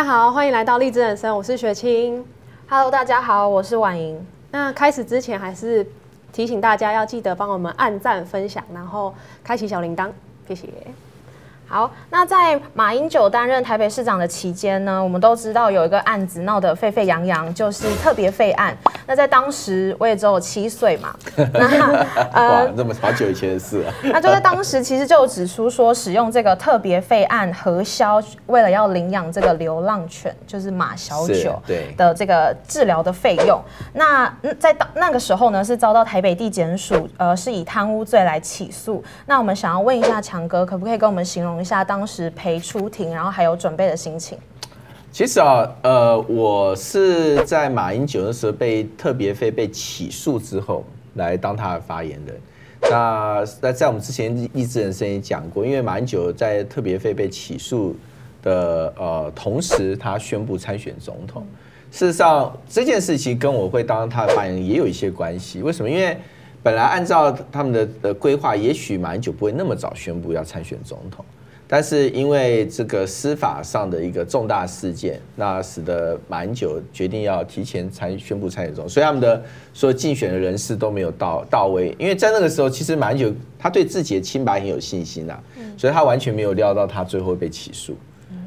大家好，歡迎來到荔枝人生，我是雪清。Hello，大家好，我是婉瑩。那開始之前，還是提醒大家要記得幫我們按讚、分享，然後開啟小鈴鐺，謝謝。好，那在馬英九擔任台北市長的期間呢，我們都知道有一個案子鬧得沸沸揚揚，就是特別費案。那在當時我也只有七歲嘛， 那哇，呃、這麼好久以前的事、啊、 那就在當時其實就指出說，使用這個特別費案核銷，為了要領養這個流浪犬，就是馬小九的這個治療的費用。那在當那個時候呢，是遭到台北地檢署呃，是以貪污罪來起訴。那我們想要問一下強哥，可不可以跟我們形容一下當時陪出庭，然後還有準備的心情？其實啊、哦，呃，我是在馬英九那時候被特別費被起訴之後，來當他的發言人。那在我們之前荔枝人生也講過，因為馬英九在特別費被起訴的呃同時，他宣布參選總統。事實上，這件事情跟我會當他的發言人也有一些關係。為什麼？因為本來按照他們的的規劃，也許馬英九不會那麼早宣布要參選總統。但是因為這個司法上的一個重大事件，那使得馬英九決定要提前參宣布參選中。所以他們的所有競選的人士都沒有到到位，因為在那個時候其實馬英九他對自己的清白很有信心啊，所以他完全沒有料到他最後被起訴，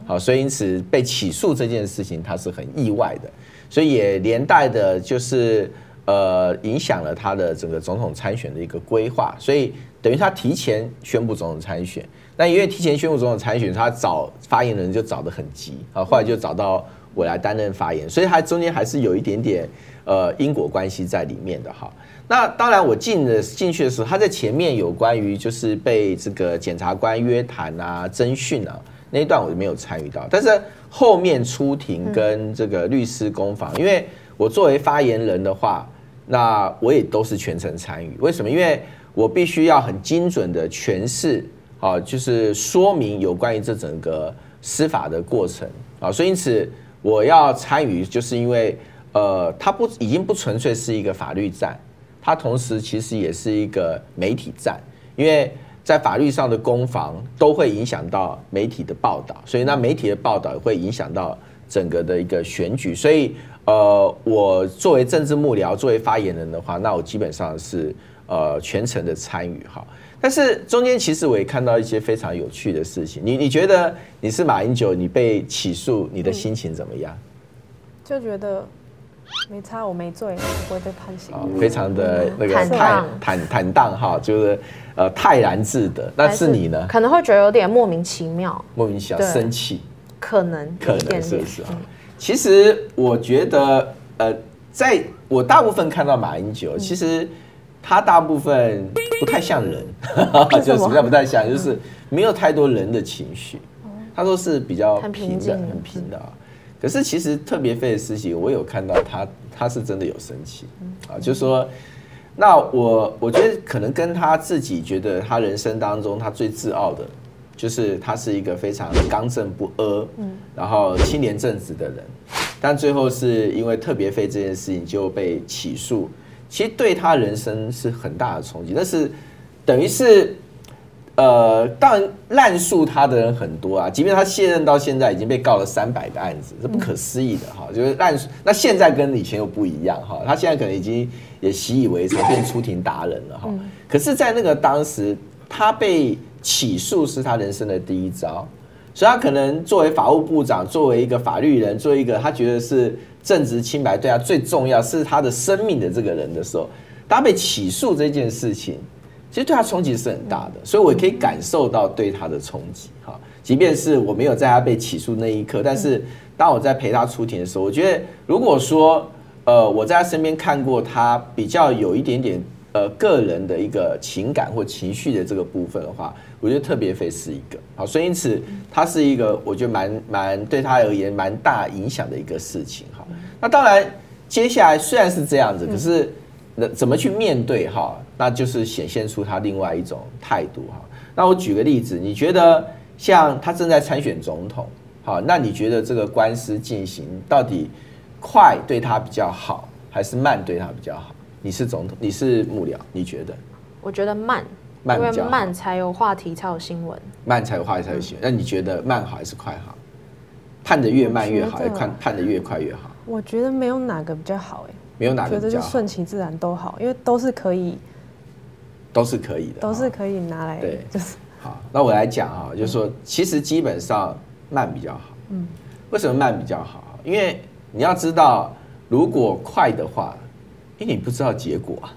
好，所以因此被起訴這件事情他是很意外的，所以也連帶的就是。呃，影響了他的整個總統參選的一個規劃，所以等於他提前宣布總統參選。那因為提前宣布總統參選，他找發言人就找得很急啊，後來就找到我來擔任發言，所以他中間還是有一點點呃因果關係在裡面的哈。那當然，我進的進去的時候，他在前面有關於就是被這個檢察官約談啊、徵訊啊那一段，我就沒有參與到。但是後面出庭跟這個律師攻防，因為我作為發言人的話。那我也都是全程參與，為什麼？因為我必須要很精準的詮釋啊，就是說明有關於這整個司法的過程啊，所以因此我要參與，就是因為呃，它不已經不純粹是一個法律戰，它同時其實也是一個媒體戰，因為在法律上的攻防都會影響到媒體的報道，所以那媒體的報道也會影響到整個的一個選舉，所以。呃，我作為政治幕僚，作為發言人的話，那我基本上是呃全程的參與哈。但是中間其實我也看到一些非常有趣的事情。你你覺得你是馬英九，你被起訴，你的心情怎麼樣？就覺得沒差，我沒罪，不會被判刑。哦。非常的那個坦、啊、坦坦，坦，坦蕩哈，就是呃泰然自得。那是你呢？可能會覺得有點莫名其妙，莫名其妙對生氣。可能，定可能是不是啊？嗯、其實我覺得，呃，在我大部分看到馬英九，其實他大部分不太像人，就實在不太像，嗯、就是沒有太多人的情緒。嗯、他說是比較平的，很平的、啊。嗯嗯、可是其實特別費的事情，我有看到他，他是真的有生氣啊，就是說，那我我覺得可能跟他自己覺得他人生當中他最自傲的。就是他是一個非常剛正不阿，嗯，然後清廉正直的人，但最後是因為特別費這件事情就被起訴，其實對他人生是很大的衝擊。但是等於是，呃，當然濫訴他的人很多啊，即便他卸任到現在已經被告了三百個案子，是不可思議的哈，就是濫訴。那現在跟以前又不一樣哈，他現在可能已經也習以為常，變出庭達人了哈。可是，在那個當時，他被。起訴是他人生的第一招，所以他可能作為法務部長，作為一個法律人，作為一個他覺得是正直清白對他最重要是他的生命的這個人的時候，他被起訴這件事情，其實對他衝擊是很大的。所以我也可以感受到對他的衝擊哈，即便是我沒有在他被起訴那一刻，但是當我在陪他出庭的時候，我覺得如果說呃我在他身邊看過他比較有一點點，呃，個人的一個情感或情緒的這個部分的話，我覺得特別費事一個好，所以因此他是一個我覺得蠻蠻對他而言蠻大影響的一個事情哈。那當然接下來雖然是這樣子，可是那怎麼去面對哈，那就是顯現出他另外一種態度哈。那我舉個例子，你覺得像他正在參選總統，好，那你覺得這個官司進行到底快對他比較好，還是慢對他比較好？你是總統，你是幕僚，你覺得？我覺得慢，慢因為慢才有話題，才有新聞。慢才有話題，才有新聞。嗯、那你覺得慢好還是快好？盼得越慢越好，得還是盼得越快越好？我覺得沒有哪個比較好哎、欸，沒有哪個比較好，順其自然都好，因為都是可以，都是可以的，都是可以拿來的對，就是好。那我來講啊，就是、說其實基本上慢比較好。嗯，為什麼慢比較好？因為你要知道，如果快的話。因為你不知道結果啊，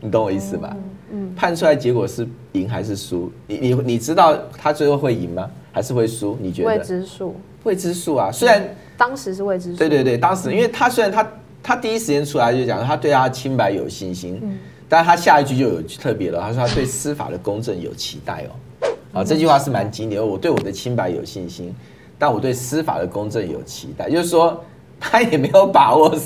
你懂我意思嗎？嗯，判出來結果是贏還是輸？你你你知道他最後會贏嗎？還是會輸？你覺得未知數？未知數啊！雖然當時是未知數。對對對，對，當時因為他雖然他他第一時間出來就講他對他清白有信心，嗯，但是他下一句就有特別了，他說他對司法的公正有期待哦。啊，這句話是蠻經典，我對我的清白有信心，但我對司法的公正有期待，就是說他也沒有把握。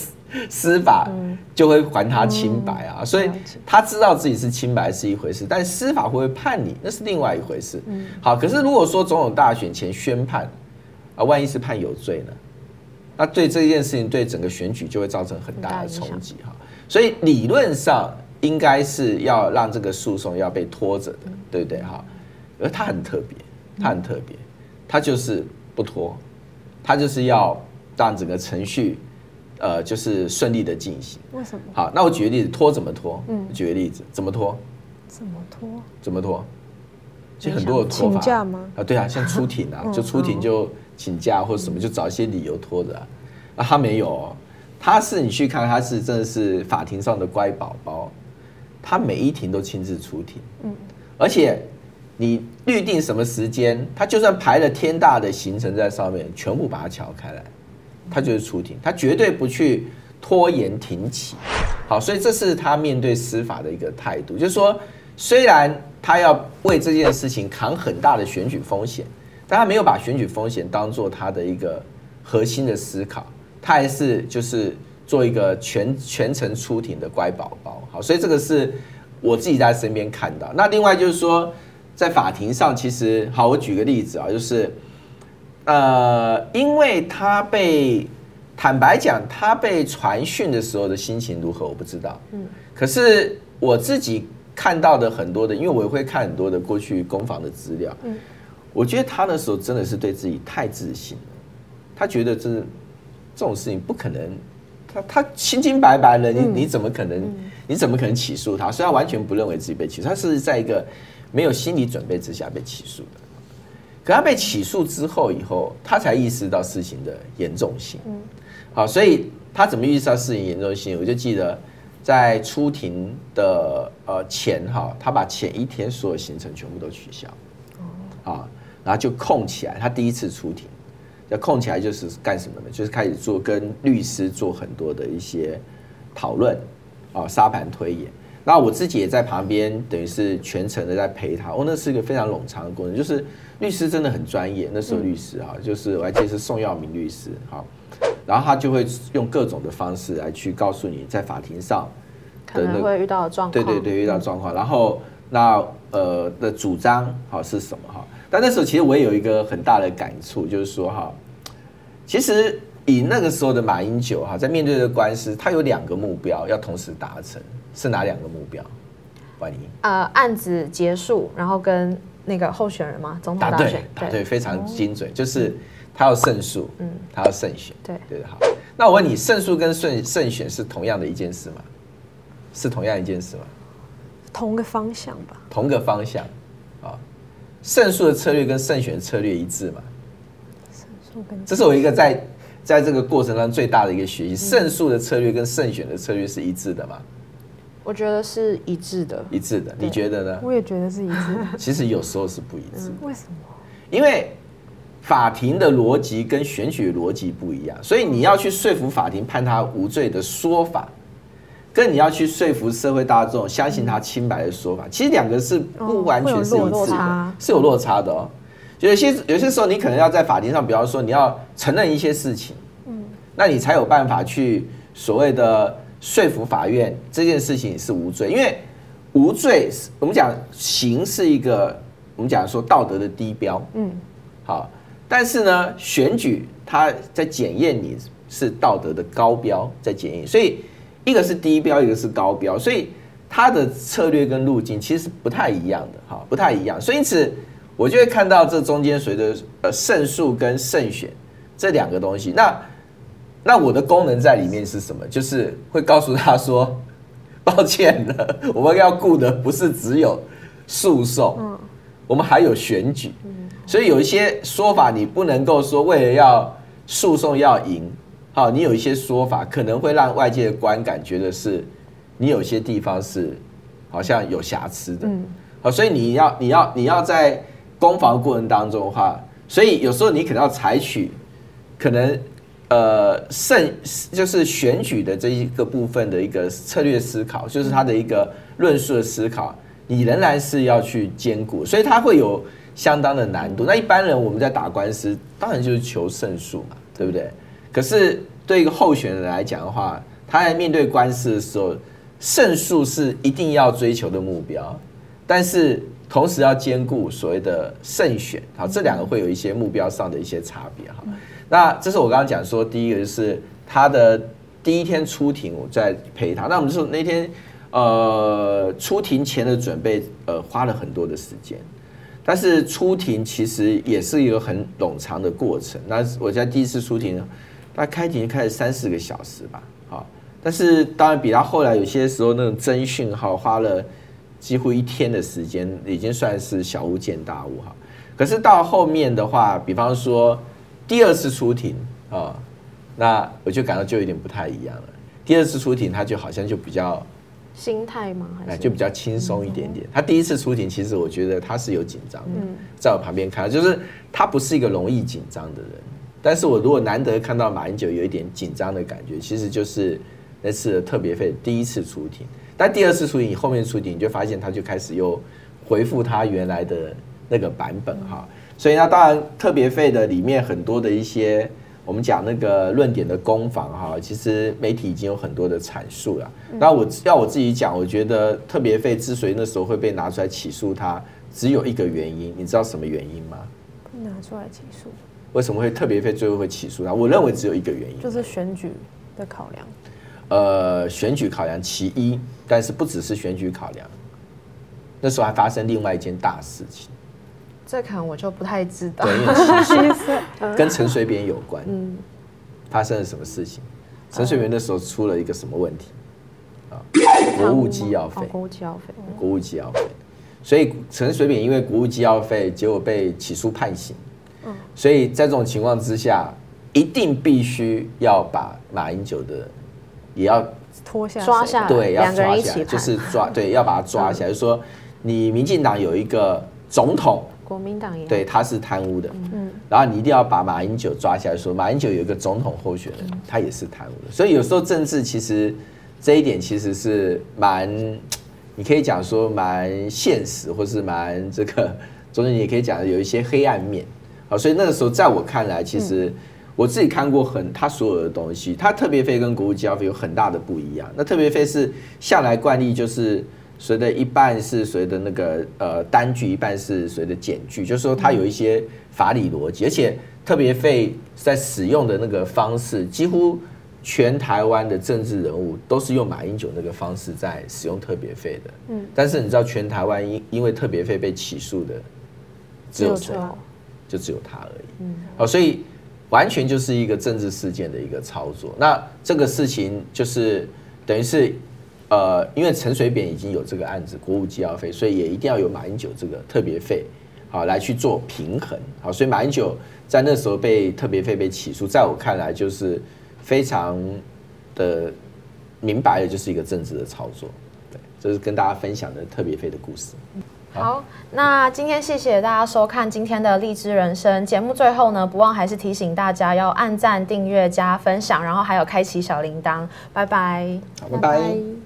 司法就會還他清白啊，所以他知道自己是清白是一回事，但司法會不會判你，那是另外一回事。好，可是如果說總統大選前宣判，啊，萬一是判有罪呢？那對這件事情，對整個選舉就會造成很大的衝擊哈。所以理論上應該是要讓這個訴訟要被拖着的，對不對哈？而他很特別，他很特別，他就是不拖，他就是要讓整個程序。呃，就是順利的進行。為什麼？好，那我舉個例子，拖怎麼拖？嗯，舉個例子，怎麼拖？怎麼拖？怎麼拖？就很多的拖法。請假嗎？啊，對啊，像出庭啊，啊就出庭就請假或什麼，就找一些理由拖着、啊啊。他沒有、哦，他是你去看，他是真的是法庭上的乖寶寶，他每一庭都親自出庭。嗯，而且你預定什麼時間，他就算排了天大的行程在上面，全部把它喬開來。他就是出庭，他絕對不去拖延庭期，好，所以這是他面對司法的一個態度，就是說，雖然他要為這件事情扛很大的選舉風險，但他沒有把選舉風險當做他的一個核心的思考，他還是就是做一個全全程出庭的乖寶寶，好，所以這個是我自己在身邊看到。那另外就是說，在法庭上，其實好，我舉個例子啊，就是。呃，因為他被，坦白講，他被傳訊的時候的心情如何，我不知道。嗯，可是我自己看到的很多的，因為我也會看很多的過去攻防的資料。嗯，我覺得他那時候真的是對自己太自信了。他覺得這這種事情不可能，他他清清白白的，你你怎麼可能？你怎麼可能起訴他？所以他完全不認為自己被起訴，他是在一個沒有心理準備之下被起訴的。可他被起訴之後以後，他才意識到事情的嚴重性。好，所以他怎麼意識到事情嚴重性？我就記得在出庭的呃前哈，他把前一天所有行程全部都取消，啊，然後就空起來。他第一次出庭，要空起來就是幹什麼呢？就是開始做跟律師做很多的一些討論，啊，沙盤推演。那我自己也在旁邊，等於是全程的在陪他。哦，那是一個非常冗長的過程，就是律師真的很專業。那時候律師啊，就是我還記得是宋耀明律師哈，然後他就會用各種的方式來去告訴你，在法庭上可能會遇到狀況，對對對，對，遇到狀況。然後那呃的主張哈是什麼哈？但那時候其實我也有一個很大的感觸，就是說哈，其實以那個時候的馬英九哈，在面對的官司，他有兩個目標要同時達成。是哪兩個目標？萬一呃，案子結束，然後跟那個候選人嘛，總統大選，對，對，對，非常精準，哦，就是他要勝訴，嗯，他要勝選，對對的。好，那我問你，勝訴跟勝勝選是同樣的一件事嗎？是同樣一件事嗎？同個方向吧，同個方向啊，勝訴的策略跟勝選的策略一致嗎？勝訴跟勝，這是我一個在在這個過程中最大的一個學習，勝訴的策略跟勝選的策略是一致的嘛？我覺得是一致的，一致的。對你覺得呢？我也覺得是一致。 其實有時候是不一致。為什麼？因為法庭的邏輯跟選舉的邏輯不一樣，所以你要去說服法庭判他無罪的說法，跟你要去說服社會大眾相信他清白的說法，其實兩個是不完全是一致的，是有落差的哦、喔。有些有些時候，你可能要在法庭上，比方說你要承認一些事情，那你才有辦法去所謂的。說服法院這件事情是無罪，因為無罪是我們講刑是一個我們講說道德的低標，嗯，好，但是呢選舉他在檢驗你是道德的高標在檢驗，所以一個是低標，一個是高標，所以他的策略跟路徑其實是不太一樣的哈，不太一樣，所以因此我就會看到這中間隨着呃勝訴跟勝選這兩個東西那。那我的功能在裡面是什麼？就是會告訴他說，抱歉了，我們要顧的不是只有訴訟，我們還有選舉。所以有一些說法你不能夠說為了要訴訟要贏，好，你有一些說法可能會讓外界的觀感覺得是你有些地方是好像有瑕疵的。好，所以你要你要你要在攻防過程當中的話，所以有時候你可能要採取可能。呃，勝就是選舉的這一個部分的一個策略思考，就是他的一個論述的思考，你仍然是要去兼顧，所以他會有相當的難度。那一般人我們在打官司，當然就是求勝訴嘛，對不對？可是對一個候選人來講的話，他在面對官司的時候，勝訴是一定要追求的目標，但是同時要兼顧所謂的勝選，好，這兩個會有一些目標上的一些差別，哈。那這是我剛剛講說，第一個就是他的第一天出庭，我在陪他。那我們就說那天呃出庭前的準備，呃花了很多的時間。但是出庭其實也是一個很冗長的過程。那我在第一次出庭呢，他開庭開了三四個小時吧，好。但是當然比他後來有些時候那種偵訊哈，花了幾乎一天的時間，已經算是小巫見大巫哈。可是到後面的話，比方說。第二次出庭啊，哦，那我就感到就有點不太一樣了。第二次出庭，他就好像就比較心態嘛，還是哎，就比較輕鬆一點點。他第一次出庭，其實我覺得他是有緊張的，在我旁邊看到，就是他不是一個容易緊張的人。但是我如果難得看到馬英九有一點緊張的感覺，其實就是那次特別費第一次出庭。但第二次出庭，你後面出庭，你就發現他就開始又回復他原來的那個版本哈。哦所以呢，當然特別費的裡面很多的一些，我們講那個論點的攻防哈，其實媒體已經有很多的闡述了。那我要我自己講，我覺得特別費之所以那時候會被拿出來起訴，它只有一個原因，你知道什麼原因嗎？拿出來起訴？為什麼會特別費最後會起訴它？我認為只有一個原因，就是選舉的考量。呃，選舉考量其一，但是不只是選舉考量，那時候還發生另外一件大事情。這可能我就不太知道。對，跟陳水扁有關。嗯，發生了什麼事情？陳水扁那時候出了一個什麼問題？啊、嗯，國務機要費，哦、國務機要費，嗯、國務機要費。所以陳水扁因為國務機要費，結果被起訴判刑。嗯、所以在這種情況之下，一定必須要把馬英九的也要拖，對要拖下，抓下，對，要抓，就是抓，對，要把它抓起來。嗯、就說你民進黨有一個總統。國民黨也對他是貪污的，嗯嗯、然後你一定要把馬英九抓起來，說馬英九有一個總統候選人，他也是貪污的。所以有時候政治其實這一點其實是蠻，你可以講說蠻現實，或是蠻這個，中間你可以講的有一些黑暗面。好，所以那個時候在我看來，其實我自己看過很他所有的東西，他特別費跟國務機要費有很大的不一樣。那特別費是向來慣例就是。誰的一半是誰的那個呃單據，一半是誰的檢據，就是說它有一些法理邏輯，而且特別費在使用的那個方式，幾乎全台灣的政治人物都是用馬英九那個方式在使用特別費的。嗯。但是你知道，全台灣因因為特別費被起訴的只有誰？就只有他而已。嗯。好。所以完全就是一個政治事件的一個操作。那這個事情就是等於是。呃，因為陳水扁已經有這個案子，國務機要費，所以也一定要有馬英九這個特別費，好來去做平衡，好，所以馬英九在那時候被特別費被起訴，在我看來就是非常的明白的，就是一個政治的操作，這，就是跟大家分享的特別費的故事。好，好，那今天謝謝大家收看今天的荔枝人生節目，最後呢，不忘還是提醒大家要按讚、訂閱、加分享，然後還有開啟小鈴鐺，拜拜，好，拜拜。拜拜。